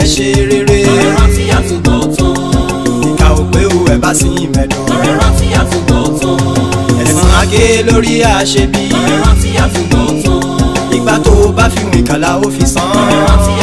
fẹ́ ṣe rere. ọ̀rẹ́ rántí àtúgbò tán. ìka ò pé o ẹ̀ bá sí ìmẹ̀dọ̀. ọ̀rẹ́ rántí àtúgbò tán. ẹ̀sán agé lórí àṣebí. ọ̀rẹ́ rántí àtúgbò tán. ìgbà tó bá fi wìn ó fi san. ọ̀rẹ́ rántí